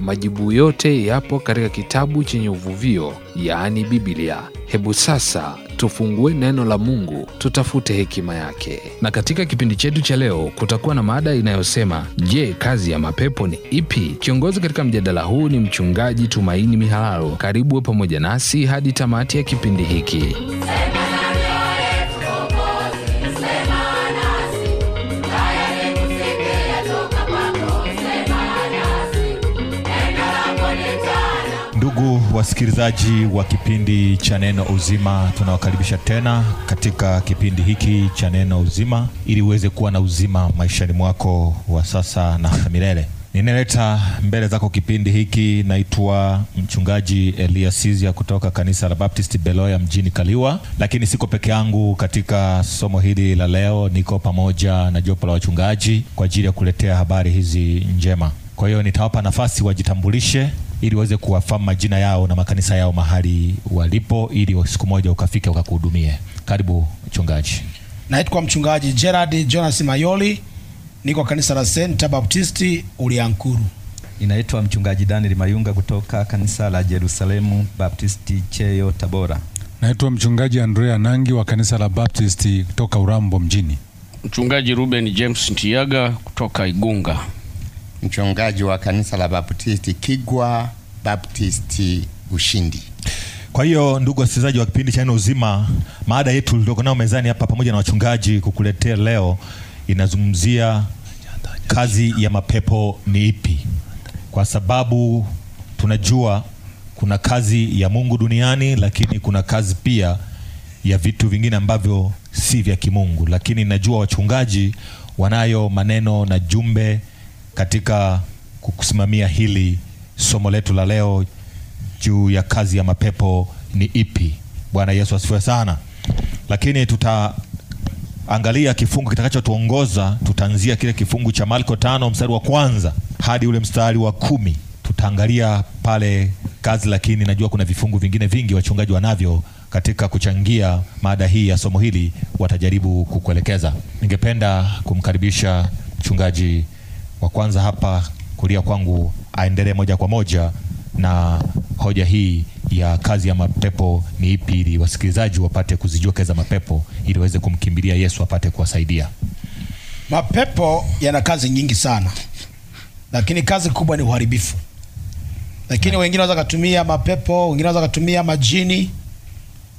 Majibu yote yapo katika kitabu chenye uvuvio, yaani Biblia. Hebu sasa tufungue neno la Mungu, tutafute hekima yake. Na katika kipindi chetu cha leo kutakuwa na mada inayosema, je, kazi ya mapepo ni ipi? Kiongozi katika mjadala huu ni mchungaji Tumaini Mihalalo. Karibu pamoja nasi hadi tamati ya kipindi hiki. Ndugu wasikilizaji wa kipindi cha Neno Uzima, tunawakaribisha tena katika kipindi hiki cha Neno Uzima ili uweze kuwa na uzima maishani mwako wa sasa na hata milele. Ninaleta mbele zako kipindi hiki, naitwa mchungaji Elia Sizia kutoka kanisa la Baptisti Beloya mjini Kaliwa, lakini siko peke yangu katika somo hili la leo, niko pamoja na jopo la wachungaji kwa ajili ya kuletea habari hizi njema. Kwa hiyo nitawapa nafasi wajitambulishe ili waweze kuwafahamu majina yao na makanisa yao mahali walipo, ili siku moja ukafike ukakuhudumie. Karibu mchungaji. Naitwa mchungaji Gerard Jonas Mayoli, niko kanisa la Senta Baptisti Uliankuru. Ninaitwa mchungaji Daniel Mayunga kutoka kanisa la Jerusalemu Baptisti Cheyo, Tabora. Naitwa mchungaji Andrea Nangi wa kanisa la Baptisti kutoka Urambo mjini. Mchungaji Ruben James Ntiyaga kutoka Igunga mchungaji wa kanisa la Baptisti Kigwa Baptisti Ushindi. Kwa hiyo ndugu wasikilizaji wa kipindi cha Neno Uzima, maada yetu tulioko nayo mezani hapa pamoja na wachungaji kukuletea leo inazungumzia kazi ya mapepo ni ipi, kwa sababu tunajua kuna kazi ya Mungu duniani, lakini kuna kazi pia ya vitu vingine ambavyo si vya kimungu. Lakini najua wachungaji wanayo maneno na jumbe katika kusimamia hili somo letu la leo juu ya kazi ya mapepo ni ipi. Bwana Yesu asifiwe sana. Lakini tutaangalia kifungu kitakachotuongoza. Tutaanzia kile kifungu cha Marko tano mstari wa kwanza hadi ule mstari wa kumi. Tutaangalia pale kazi, lakini najua kuna vifungu vingine vingi wachungaji wanavyo katika kuchangia mada hii ya somo hili, watajaribu kukuelekeza. Ningependa kumkaribisha mchungaji wa kwanza hapa kulia kwangu aendelee moja kwa moja na hoja hii ya kazi ya mapepo ni ipi, ili wasikilizaji wapate kuzijua kazi za mapepo, ili waweze kumkimbilia Yesu apate kuwasaidia. Mapepo yana kazi nyingi sana, lakini kazi kubwa ni uharibifu. Lakini yeah, wengine wanaweza kutumia mapepo, wengine wanaweza kutumia majini,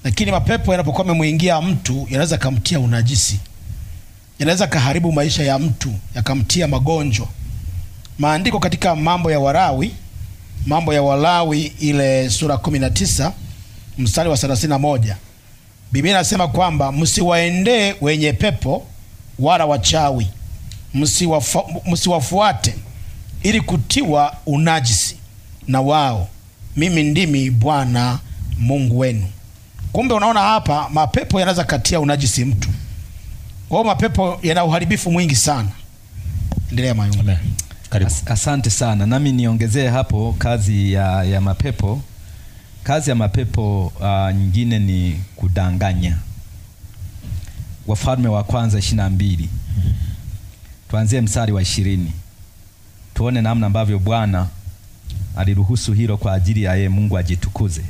lakini mapepo yanapokuwa yamemwingia mtu yanaweza kumtia unajisi yanaweza kaharibu maisha ya mtu yakamtia magonjwa. Maandiko katika mambo ya Warawi, mambo ya Walawi ile sura 19 mstari wa 31, Biblia inasema kwamba msiwaendee wenye pepo wala wachawi, msiwafuate ili kutiwa unajisi na wao, mimi ndimi Bwana Mungu wenu. Kumbe unaona hapa mapepo yanaweza katia unajisi mtu kwa hiyo mapepo yana uharibifu mwingi sana. Endelea Mayungu. Amen. Asante sana, nami niongezee hapo kazi ya, ya mapepo. Kazi ya mapepo uh, nyingine ni kudanganya. Wafalme wa kwanza ishirini na mbili tuanzie mstari wa ishirini tuone namna ambavyo Bwana aliruhusu hilo kwa ajili ya yeye Mungu ajitukuze.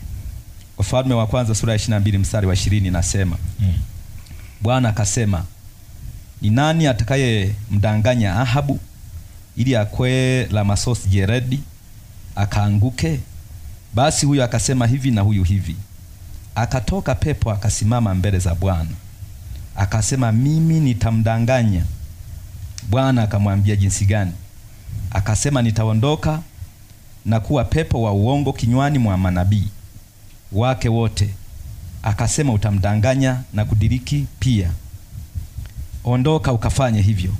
Wafalme wa kwanza sura ya ishirini na mbili mstari wa ishirini nasema mm. Bwana akasema ni nani atakayemdanganya Ahabu ili akwee Ramasosi Gileadi akaanguke? Basi huyo akasema hivi na huyu hivi. Akatoka pepo akasimama mbele za Bwana akasema, mimi nitamdanganya. Bwana akamwambia jinsi gani? Akasema, nitaondoka na kuwa pepo wa uongo kinywani mwa manabii wake wote. Akasema, utamdanganya na kudiriki pia ondoka ukafanye hivyo.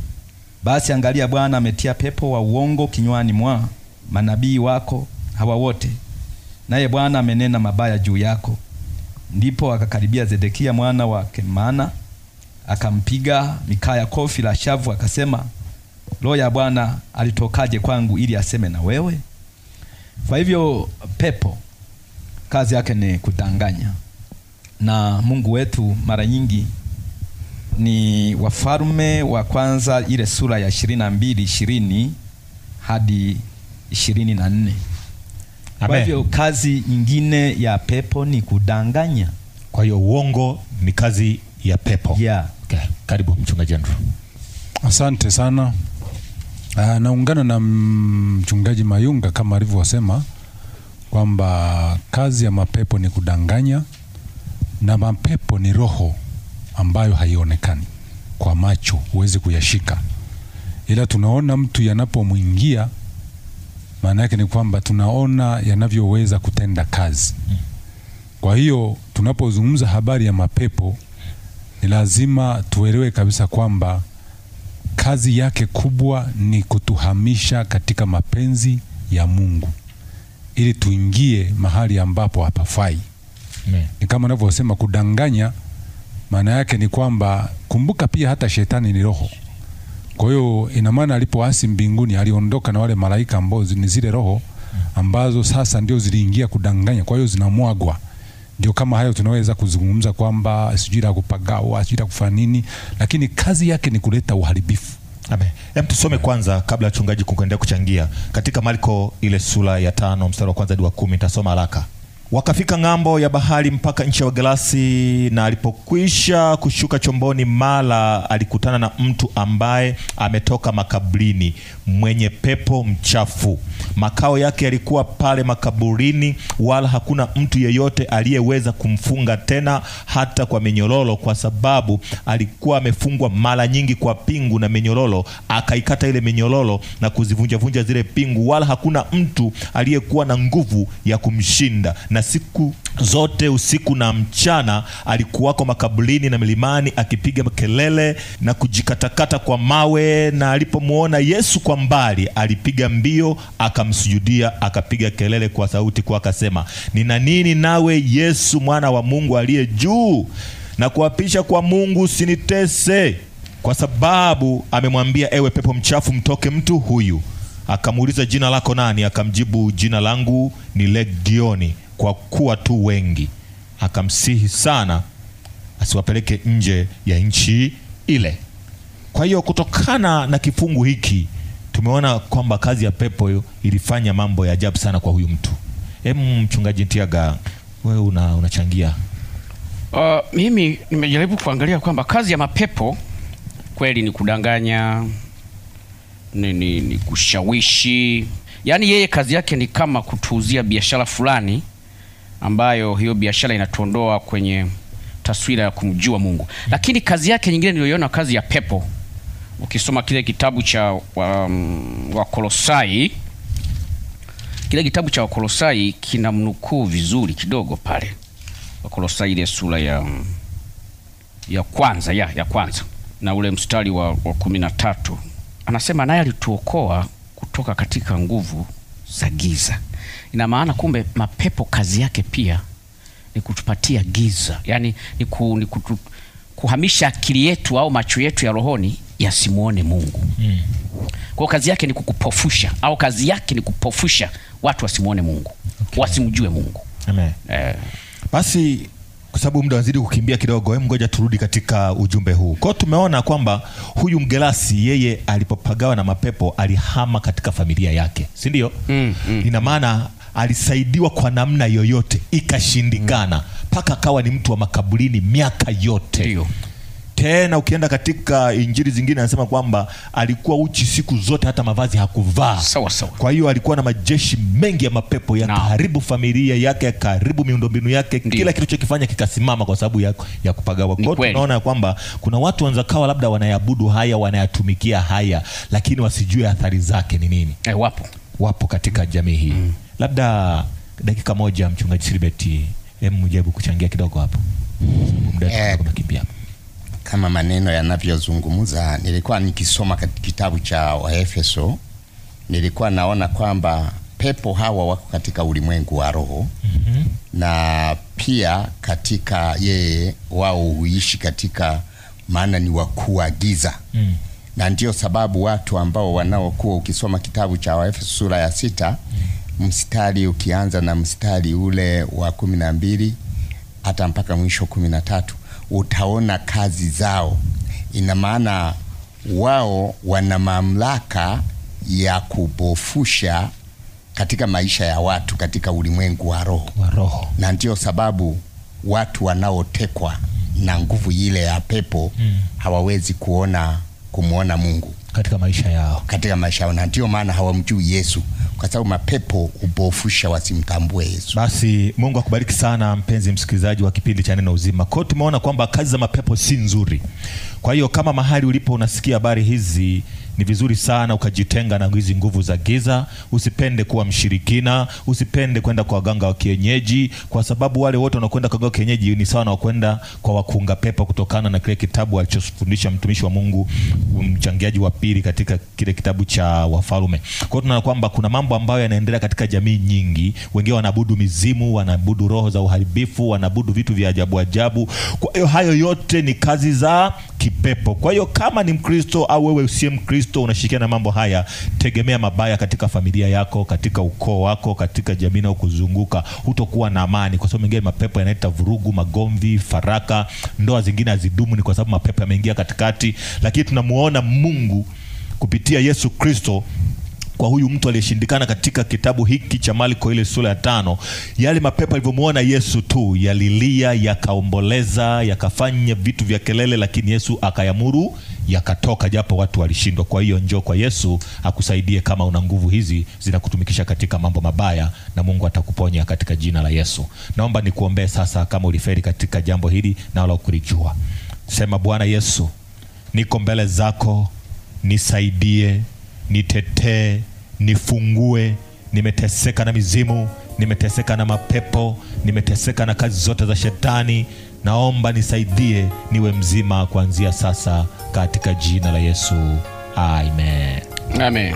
Basi angalia, Bwana ametia pepo wa uongo kinywani mwa manabii wako hawa wote, naye Bwana amenena mabaya juu yako. Ndipo akakaribia Zedekia mwana wa Kemana akampiga Mikaya kofi la shavu, akasema, Roho ya Bwana alitokaje kwangu ili aseme na wewe? Kwa hivyo pepo kazi yake ni kudanganya, na Mungu wetu mara nyingi ni Wafalme wa kwanza ile sura ya ishirini na mbili ishirini hadi ishirini na nne. Kwa hivyo kazi nyingine ya pepo ni kudanganya. Kwa hiyo uongo ni kazi ya pepo yeah. Okay. Karibu mchungaji Andrew. Asante sana. Uh, naungana na mchungaji Mayunga kama alivyosema kwamba kazi ya mapepo ni kudanganya na mapepo ni roho ambayo haionekani kwa macho, huwezi kuyashika, ila tunaona mtu yanapomwingia, maana yake ni kwamba tunaona yanavyoweza kutenda kazi. Kwa hiyo tunapozungumza habari ya mapepo, ni lazima tuelewe kabisa kwamba kazi yake kubwa ni kutuhamisha katika mapenzi ya Mungu ili tuingie mahali ambapo hapafai. Ni kama anavyosema kudanganya maana yake ni kwamba kumbuka pia hata shetani ni roho. Kwa hiyo ina maana alipoasi mbinguni aliondoka na wale malaika ambao ni zile roho ambazo sasa ndio ziliingia kudanganya, kwa hiyo zinamwagwa. Ndio kama hayo tunaweza kuzungumza kwamba sijui la kupagawa, sijui la kufanya nini, lakini kazi yake ni kuleta uharibifu. Amen. Hem, tusome kwanza kabla ya chungaji kuendelea kuchangia katika Marko ile sura ya tano mstari wa kwanza hadi wa kumi. Nitasoma haraka. Wakafika ng'ambo ya bahari mpaka nchi ya Wagerasi, na alipokwisha kushuka chomboni, mala alikutana na mtu ambaye ametoka makaburini, mwenye pepo mchafu. Makao yake yalikuwa pale makaburini, wala hakuna mtu yeyote aliyeweza kumfunga tena, hata kwa minyororo, kwa sababu alikuwa amefungwa mara nyingi kwa pingu na minyororo. Akaikata ile minyororo na kuzivunjavunja zile pingu, wala hakuna mtu aliyekuwa na nguvu ya kumshinda na na siku zote usiku na mchana alikuwako makaburini na milimani akipiga kelele na kujikatakata kwa mawe, na alipomwona Yesu kwa mbali alipiga mbio akamsujudia, akapiga kelele kwa sauti kwa akasema, nina nini nawe Yesu mwana wa Mungu aliye juu? Na kuapisha kwa Mungu usinitese, kwa sababu amemwambia, ewe pepo mchafu, mtoke mtu huyu. Akamuuliza, jina lako nani? Akamjibu, jina langu ni Legioni kwa kuwa tu wengi, akamsihi sana asiwapeleke nje ya nchi ile. Kwa hiyo kutokana na kifungu hiki tumeona kwamba kazi ya pepo ilifanya mambo ya ajabu sana kwa huyu mtu. Hem, mchungaji Ntiaga, wewe una unachangia? Uh, mimi nimejaribu kuangalia kwamba kazi ya mapepo kweli ni kudanganya, ni, ni, ni kushawishi. Yaani yeye kazi yake ni kama kutuuzia biashara fulani ambayo hiyo biashara inatuondoa kwenye taswira ya kumjua Mungu. Lakini kazi yake nyingine niliyoiona kazi ya pepo, ukisoma kile kitabu cha um, Wakolosai, kile kitabu cha Wakolosai kinamnukuu vizuri kidogo pale Wakolosai ile sura ya, ya kwanza ya, ya kwanza na ule mstari wa, wa kumi na tatu anasema naye alituokoa kutoka katika nguvu za giza Ina maana kumbe mapepo kazi yake pia ni kutupatia giza, yaani ni, ku, ni kutu, kuhamisha akili yetu au macho yetu ya rohoni yasimwone Mungu mm. Kwa kazi yake ni kukupofusha au kazi yake ni kupofusha watu wasimwone Mungu okay. Wasimjue Mungu Amen. Eh. Basi kwa sababu muda unazidi kukimbia kidogo, hem, ngoja turudi katika ujumbe huu. Kwa tumeona kwamba huyu mgerasi yeye alipopagawa na mapepo alihama katika familia yake, si ndio? mm, mm. Ina maana alisaidiwa kwa namna yoyote ikashindikana mpaka mm. akawa ni mtu wa makaburini miaka yote Dio. Tena ukienda katika injili zingine anasema kwamba alikuwa uchi siku zote, hata mavazi hakuvaa. Sawa sawa. Kwa hiyo alikuwa na majeshi mengi ya mapepo yakaharibu no. familia yake, yakaharibu miundombinu yake, Ndiyo. kila kitu chokifanya kikasimama kwa sababu ya, ya kupagawa. Kwa hiyo tunaona kwamba kuna watu wanaweza kawa labda wanayabudu haya, wanayatumikia haya, lakini wasijue athari zake ni nini. Hey, eh, wapo wapo katika jamii hii mm. labda dakika moja, mchungaji Silibeti, hebu mjaribu kuchangia kidogo hapo. Eh, kama maneno yanavyozungumza. Nilikuwa nikisoma katika kitabu cha Waefeso, nilikuwa naona kwamba pepo hawa wako katika ulimwengu wa roho mm -hmm. na pia katika yeye wao huishi katika, maana ni wakuu wa giza mm. na ndio sababu watu ambao wanaokuwa, ukisoma kitabu cha Waefeso sura ya sita mm. mstari ukianza na mstari ule wa kumi na mbili hata mpaka mwisho kumi na tatu utaona kazi zao. Ina maana wao wana mamlaka ya kubofusha katika maisha ya watu katika ulimwengu wa roho, na ndio sababu watu wanaotekwa na nguvu ile ya pepo mm. hawawezi kuona kumwona Mungu katika maisha yao, katika maisha yao, na ndio maana hawamjui Yesu kwa sababu mapepo hubofusha wasimtambue Yesu. Basi Mungu akubariki sana mpenzi msikilizaji wa kipindi cha Neno Uzima. Kwa hiyo tumeona kwamba kazi za mapepo si nzuri. Kwa hiyo kama mahali ulipo unasikia habari hizi ni vizuri sana ukajitenga na hizi nguvu za giza. Usipende kuwa mshirikina, usipende kwenda kwa waganga wa kienyeji, kwa sababu wale wote wanakwenda kwa waganga wa kienyeji ni sawa na kwenda kwa wakunga pepa, kutokana na kile kitabu alichofundisha mtumishi wa Mungu, mchangiaji wa pili, katika kile kitabu cha Wafalme. Kwa hiyo tunaona kwamba kuna mambo ambayo yanaendelea katika jamii nyingi. Wengine wanaabudu mizimu, wanaabudu roho za uharibifu, wanaabudu vitu vya ajabu ajabu. Kwa hiyo hayo yote ni kazi za kipepo. Kwa hiyo kama ni Mkristo au wewe usiye Mkristo unashirikiana na mambo haya, tegemea mabaya katika familia yako, katika ukoo wako, katika jamii na kuzunguka, hutokuwa na amani, kwa sababu mengine mapepo yanaleta vurugu, magomvi, faraka. Ndoa zingine hazidumu, ni kwa sababu mapepo yameingia katikati, lakini tunamuona Mungu kupitia Yesu Kristo kwa huyu mtu aliyeshindikana katika kitabu hiki cha Marko ile sura ya tano, yale mapepo alivyomwona Yesu tu yalilia, yakaomboleza, yakafanya vitu vya kelele, lakini Yesu akayamuru yakatoka, japo watu walishindwa. Kwa hiyo njoo kwa Yesu akusaidie, kama una nguvu hizi zinakutumikisha katika mambo mabaya, na Mungu atakuponya katika jina la Yesu. Naomba nikuombee sasa, kama uliferi katika jambo hili na wala ukulijua. Sema, Bwana Yesu, niko mbele zako, nisaidie, nitetee nifungue. Nimeteseka na mizimu, nimeteseka na mapepo, nimeteseka na kazi zote za Shetani. Naomba nisaidie niwe mzima kuanzia sasa, katika jina la Yesu, amen. Amen.